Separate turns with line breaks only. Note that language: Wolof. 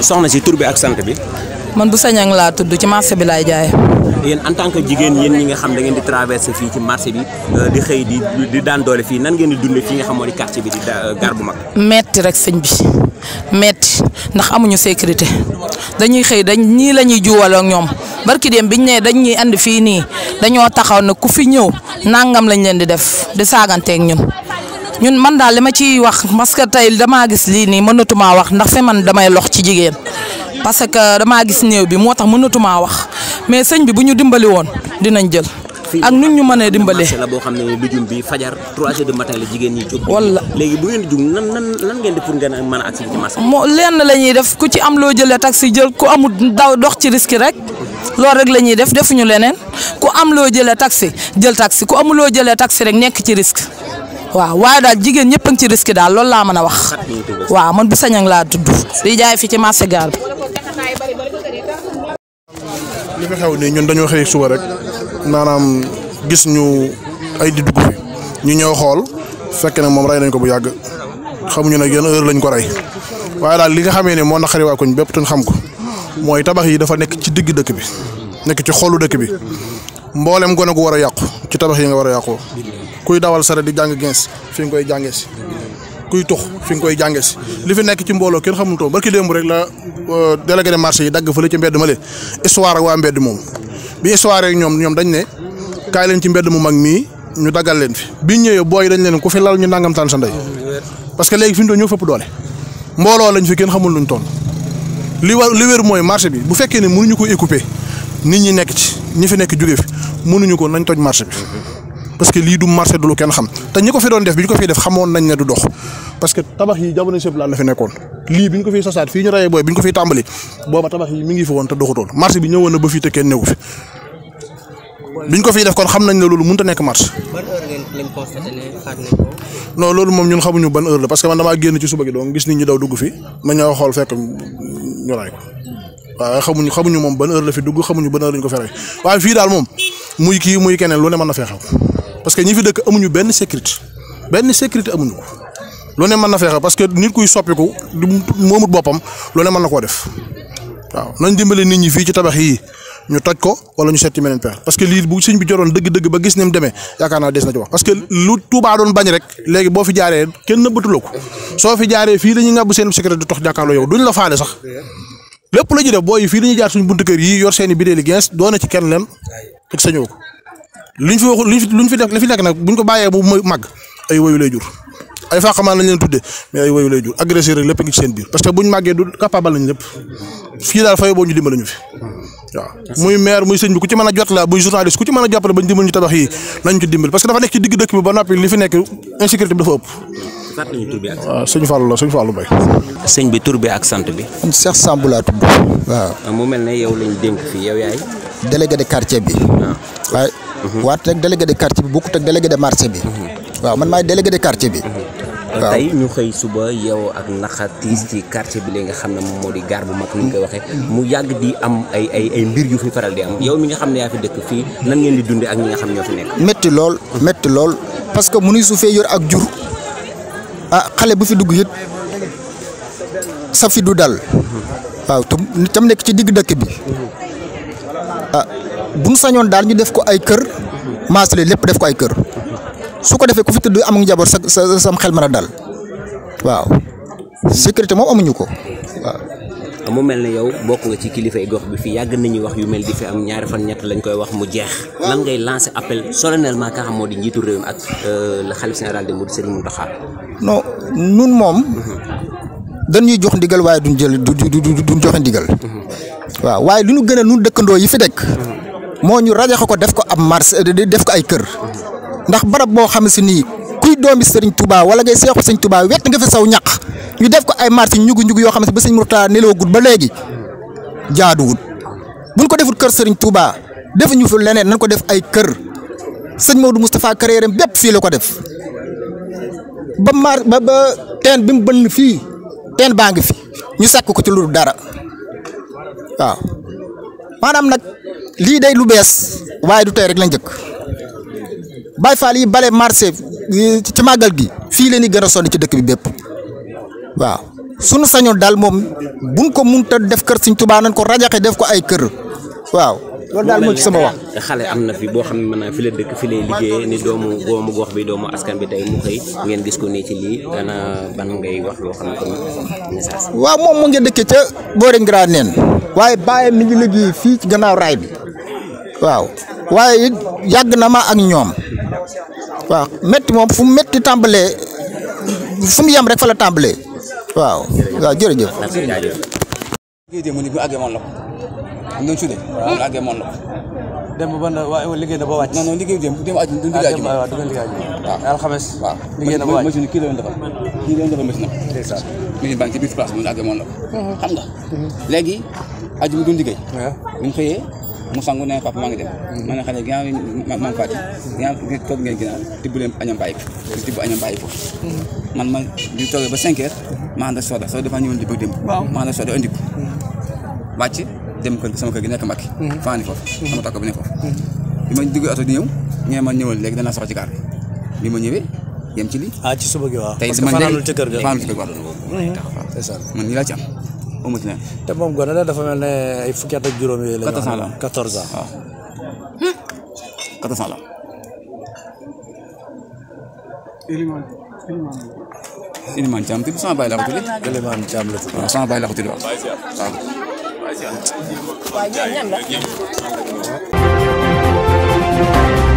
soxna si tur bi ak sant bi.
man bu sañang laa tudd ci marché bi laay jaay.
yéen en tant que jigéen yéen ñi nga xam da ngeen di traversé fii ci marché bi euh, di xëy di di daan doole fii nan ngeen di dundee fii nga xam moo di quartier bi di euh,
metti rek sëñ bi metti ndax amuñu sécurité dañuy xëy dañ ñii la ñuy juwal ñoom barki dem bi ne dañ ñuy andi fii nii dañoo taxaw na ku fi ñëw nangam lañ leen di def di saaganteeg ñun. ñun man daal li ma ciy wax parce que tey damaa gis lii nii mënatumaa wax ndax fi man damay lox ci jigéen parce que damaa gis néew bi moo tax mënatumaa wax mais sëñ bi bu ñu dimbali woon dinañ jël. ak nun ñu mënee dimbale la boo xam ne lujum bi fajar 3 heures la jigéen ñi jóg wala léegi bu
ngeen di jóg nan ngeen di pour ngeen mën a agsi ci
moo lenn la ñuy def ku ci am loo jëlee taxi jël ku amul daw dox ci risque rek loolu rek la ñuy def defuñu leneen ku am loo jëlee taxi jël taxi ku amul loo jëlee taxi rek nekk ci risque waaw waaye daal jigéen ñëpp a ngi ci risque daal loolu laa mën a wax. waaw man bu sañang laa tudd. di jaay fi ci marché gaar bi.
li fi xew nii ñun dañoo xëy suba rek maanaam gis ñu ay di dugg fi ñu ñëw xool fekk na moom rey nañ ko bu yàgg xamuñu nag yenn heure lañ ko rey waaye daal li nga xamee ne moo naqari waa koñ bépp tun xam ko mooy tabax yi dafa nekk ci digg dëkk bi nekk ci xoolu dëkk bi mboolem gone gu war a yàqu ci tabax yi nga war a yàqoo. kuy dawal sare di jàng gens fi nga koy jàngee si kuy tux fi nga koy jàngee si li fi nekk ci mbooloo kenn xamul toom barki démb rek la euh, délégué de marché yi dagg fële ci mbedd ma leen histoire ak mbedd moom bi histoire ñoom ñoom dañ ne kaay leen ci mbedd mu mag mii ñu daggal leen fi bi ñëwee booy dañ leen ku fi lal ñu nangam taan sa ndey parce que léegi fi mu doon ñoo fëpp doole mbooloo lañ fi kenn xamul luñ toll li war li wér mooy marché bi bu fekkee ne munuñu ko écouper nit ñi nekk ci ñi fi nekk jóge fi mënuñu ko nañ toj marché bi parce que lii du marché du lu kenn xam te ñi ko fi doon def bi ñu ko fiy def xamoon nañ ne du dox parce que tabax yi jamono sëb laal la fi nekkoon lii bi ñu ko fiy sosaat fii ñu rayee booy bi ñu ko fiy booba tabax yi mi ngi fi woon te doxutoon marché bi ñëwoon na ba fii te kenn newu fi biñ ko fiy def kon xam nañ ne loolu mun te nekk marché.
ban heure ngeen
lañ loolu moom ñun xamuñu ban heure la parce que man damaa génn ci suba gi donc gis nit ñi daw dugg fi ma xool fekk ñu ray ko moom ban heure la fi dugg xamuñu ban heure lañ ko feree waaye fii daal moom muy kii muy keneen lu mën na fee parce que ñi fi dëkk amuñu benn sécurité benn sécurité amuñu ko lu ne mën na fexe parce que nit kuy soppiku du moomut boppam lu ne mën na koo def waaw nañ dimbale nit ñi fii ci tabax yi ñu toj ko wala ñu setti meneen pexe parce que lii bu sëñ bi joroon dëgg-dëgg ba gis ni mu demee yaakaar naa des na ci wax que lu Touba doon bañ rek léegi boo fi jaaree kenn nëbbatuloo soo fi jaaree fii dañuy ngàbb seen secret di tox jàkkaarloo yow duñ la faale sax lépp la ñu def booy fii dañuy jaar suñ buntu kër yi yor seen i bidéeli gens doona ci kenn leen ak sañoo ko luñ fi waxu luñ fi luñ fi nekk nag buñ ko bàyyee bu mag ay woyu lay jur ay fàqamaan lañ leen tuddee mais ay woyu jur agressé lépp ngi seen biir parce que buñ màggee du capable lañ lépp fii daal fayoo boo ñu dimbali ñu fi waaw muy maire muy sëñ bi ku ci mën a jot la buy journaliste ku ci mën a jàppale bañ dimbali ñu tabax yi nañ ci dimbali parce que dafa nekk ci digg dëkk bi ba noppi li fi nekk insécurité bi dafa ëpp. waaw sëñ Fallou la sëñ
Fallou Mbaye. sëñ bi
Mhm. waat nag délégué de quartier bi bokkut ak délégué de marché bi. Mhm. waaw man maay délégué de quartier bi.
waaw tey ñu xëy suba yow ak naqar ci quartier bi li nga xam ne moom moo di gaar bu mag ni ñu koy waxee mhm. mu yàgg di am ay ay ay mbir yu fi faral di am yow mi nga xam ne yaa fi dëkk fii nan ngeen di dundee ak ñi nga xam ñoo fi nekk.
metti lool metti lool parce que mënuñ suufee fee yor ak jur ah xale bu fi dugg it sa fi du dal waaw tam nekk ci diggu dëkk bi ah, buñ sañoon daal ñu def ko ay kër maasale lépp def ko ay kër su ko defee ku fi tëdd amuñu njaboot sa sa sam xel mën a waaw sécurité moom amuñu ko waaw.
mu mel ne yow bokk nga ci kilifay gox bi fii yàgg nañu wax yu mel di fi am ñaari fan ñett lañ koy wax mu jeex lan ngay lancer appel solennellement ma xam moo di njiitu réew mi ak euh, le xalif général de seen mu Mountakha
non nun moom mhm. dañuy jox ndigal waaye duñ jël du joxe ndigal mhm. waaw waaye lu ñu gën nun dëkkandoo yi fi dekk mhm. moo ñu rajaxe ko def ko ab marché def ko ay kër ndax barab boo xam si nii kuy doomi sëriñ Touba wala ngay seexu sëñ tubaa wet nga fi saw ñaq ñu def ko ay marché ñugu ñugu yoo xam ne ba sëñ Murtala neloo gudd ba léegi jaaduwut buñ ko defut kër sëriñ Touba defuñu fi leneen nañ ko def ay kër sëñ Maodo Moustapha carrière bépp fii la ko def ba mar ba ba teen bi mu bënn fii teen baa ngi fi ñu sàkk ko ci lu dara waaw maanaam nag lii day lu bees waaye du tey rek lañ jëkk Baye Fall yi bale marché ci màggal gi fii leen di gën a sonn ci dëkk bi bépp waaw sunu sañoon daal moom buñ ko munta def kër Sëñ Tuubaa nañ ko rajaxe def ko ay kër
waaw loolu daal moo ci sama wax xale am na fi boo xam ne maanaam fi la dëkk fi lay liggéeyee ni doomu bi doomu askan bi tey gis ko nii ci wax loo xam ne comme message.
waaw ngi dëkkee ca Boori Ngiraaneen waaye bàyyi mi ngi liggéey fii ci gannaaw raay bi waaw waaye it yàgg na ma ak ñoom waaw metti moom fu mu métti tàmbalee fu mu yem rek fa la tàmbalee
waaw waaw jërëjëf. liggéey mu ni bu àggee moom la ko la ko dem ba na waaye liggéey na ba wàcc non non liggéey dem dem aju du liggéey aju waaw du liggéey aju moom la ko
mhm. xam nga mhm.
léegi aju bu du liggéey ñu xëyee mu sangu ne papa maa ngi dem ma ne xale ginnaaw maam Faty ginnaaw toog ngeen ginnaaw tibb leen añam bàyyi ko tibb añam bàyyi ko man ma di toogee ba cinq ma ànd ak sooda sooda dafa di bëgg ma ànd ak sooda andi ko wàcc dem kër sama kër gi nekk Mbacke faani foofu sama takk bi nekk foofu bi ma duggee oto di ñëw ñee ma ñëwal léegi danaa soxla ci gaar bi ma ñëwee yem ci lii
ah ci suba gi waaw tey
Eumeu Sène
te moom gone la dafa mel ne ay fukki at ak la ñu.
14 la am
14 ans waaw. 14 la am. Elimane Thiam tudd sama baay laa ko tudd. Elimane Thiam la tudd. sama baay laa ko tudd waaw waaw.